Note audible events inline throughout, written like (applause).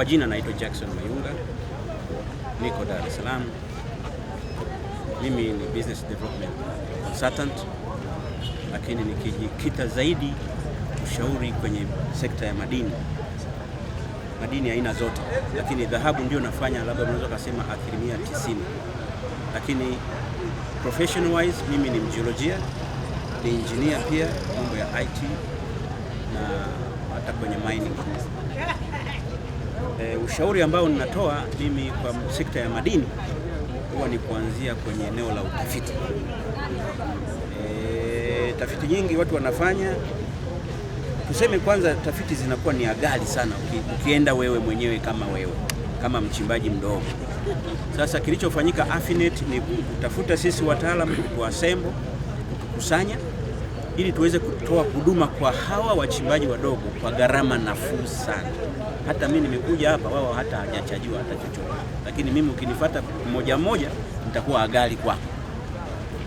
Kwa jina naitwa Jackson Mayunga, niko Dar es Salaam. Mimi ni business development consultant, lakini nikijikita zaidi ushauri kwenye sekta ya madini, madini aina zote, lakini dhahabu ndio nafanya labda unaweza kusema asilimia 90, lakini profession wise mimi ni mjiolojia, ni engineer pia, mambo ya IT na hata kwenye mining ushauri ambao ninatoa mimi kwa sekta ya madini huwa ni kuanzia kwenye eneo la utafiti. E, tafiti nyingi watu wanafanya tuseme kwanza, tafiti zinakuwa ni ghali sana ukienda wewe mwenyewe kama wewe kama mchimbaji mdogo. Sasa kilichofanyika Afinet ni kutafuta sisi wataalamu kutuasembo, kutukusanya ili tuweze kutoa huduma kwa hawa wachimbaji wadogo kwa gharama nafuu sana. Hata mimi nimekuja hapa, wao hata hajachajiwa hata chochote, lakini mimi ukinifuata mmoja mmoja nitakuwa agali kwako.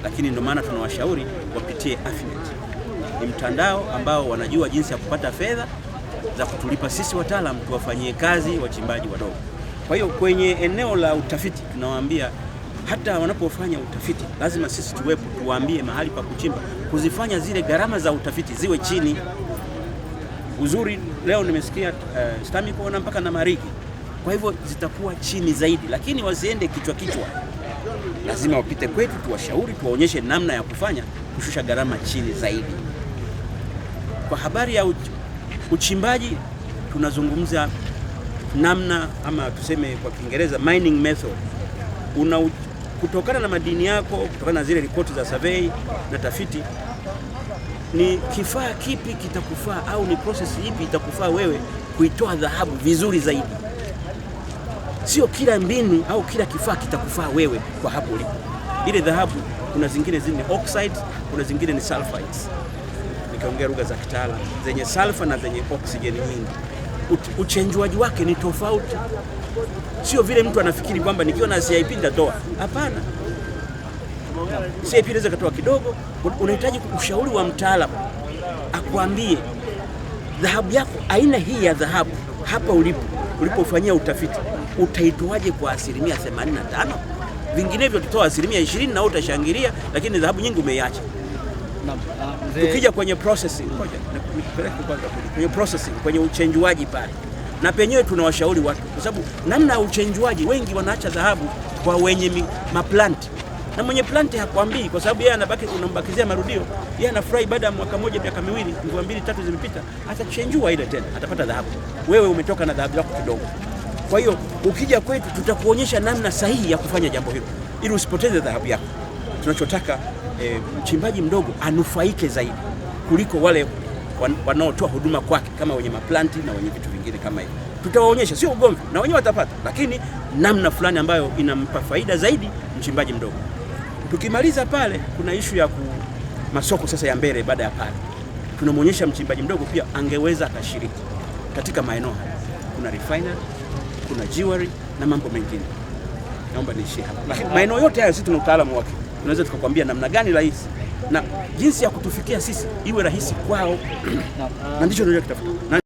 Lakini ndio maana tunawashauri wapitie Afynet. Ni mtandao ambao wanajua jinsi ya kupata fedha za kutulipa sisi wataalamu tuwafanyie kazi wachimbaji wadogo. Kwa hiyo kwenye eneo la utafiti tunawaambia hata wanapofanya utafiti lazima sisi tuwepo, tuwaambie mahali pa kuchimba, kuzifanya zile gharama za utafiti ziwe chini. Uzuri leo nimesikia uh, eh, STAMICO na mpaka na mariki, kwa hivyo zitakuwa chini zaidi, lakini wasiende kichwa kichwa, lazima wapite kwetu, tuwashauri, tuwaonyeshe namna ya kufanya kushusha gharama chini zaidi. Kwa habari ya uchimbaji tunazungumza namna ama tuseme kwa Kiingereza mining method una kutokana na madini yako, kutokana na zile ripoti za survey na tafiti, ni kifaa kipi kitakufaa au ni process ipi itakufaa wewe kuitoa dhahabu vizuri zaidi. Sio kila mbinu au kila kifaa kitakufaa wewe kwa hapo ulipo. Ile dhahabu kuna zingine zini oxide, kuna zingine ni sulfides, nikaongea lugha za kitaalamu zenye sulfa na zenye oxygen nyingi uchenjuaji wake ni tofauti. Sio vile mtu anafikiri kwamba nikiwa na CIP nitatoa. Hapana, CIP inaweza katoa kidogo. Unahitaji ushauri wa mtaalamu akwambie dhahabu yako, aina hii ya dhahabu hapa ulipo, ulipofanyia utafiti utaitoaje kwa asilimia 85? Vinginevyo tutoa asilimia 20 na utashangilia, lakini dhahabu nyingi umeiacha. Ah, ah, tukija kwenye processing, kwenye processing, kwenye uchenjuaji pale na penyewe tunawashauri watu kwa sababu namna ya uchenjuaji, wengi wanaacha dhahabu kwa wenye maplanti na mwenye planti hakwambii, kwa sababu yeye anabaki, unambakizia marudio. Yeye anafurahi, baada ya mwaka mmoja, miaka miwili, mvua mbili tatu zimepita, atachenjua ile tena, atapata dhahabu. Wewe umetoka na dhahabu yako kidogo. Kwa hiyo ukija kwetu, tutakuonyesha namna sahihi ya kufanya jambo hilo ili usipoteze dhahabu yako tunachotaka e, mchimbaji mdogo anufaike zaidi kuliko wale wanaotoa huduma kwake kama wenye maplanti na wenye vitu vingine kama hivyo. Tutawaonyesha sio ugomvi, na wenyewe watapata, lakini namna fulani ambayo inampa faida zaidi mchimbaji mdogo. Tukimaliza pale, kuna ishu ya ku masoko sasa ya mbele. Baada ya pale, tunamwonyesha mchimbaji mdogo pia angeweza akashiriki katika maeneo haya. Kuna refinery, kuna jewelry na mambo mengine. Naomba niishie hapa, lakini maeneo yote haya sisi tuna utaalamu wake tunaweza tukakwambia namna gani rahisi na jinsi ya kutufikia sisi iwe rahisi kwao, (clears throat) na ndicho kitafuta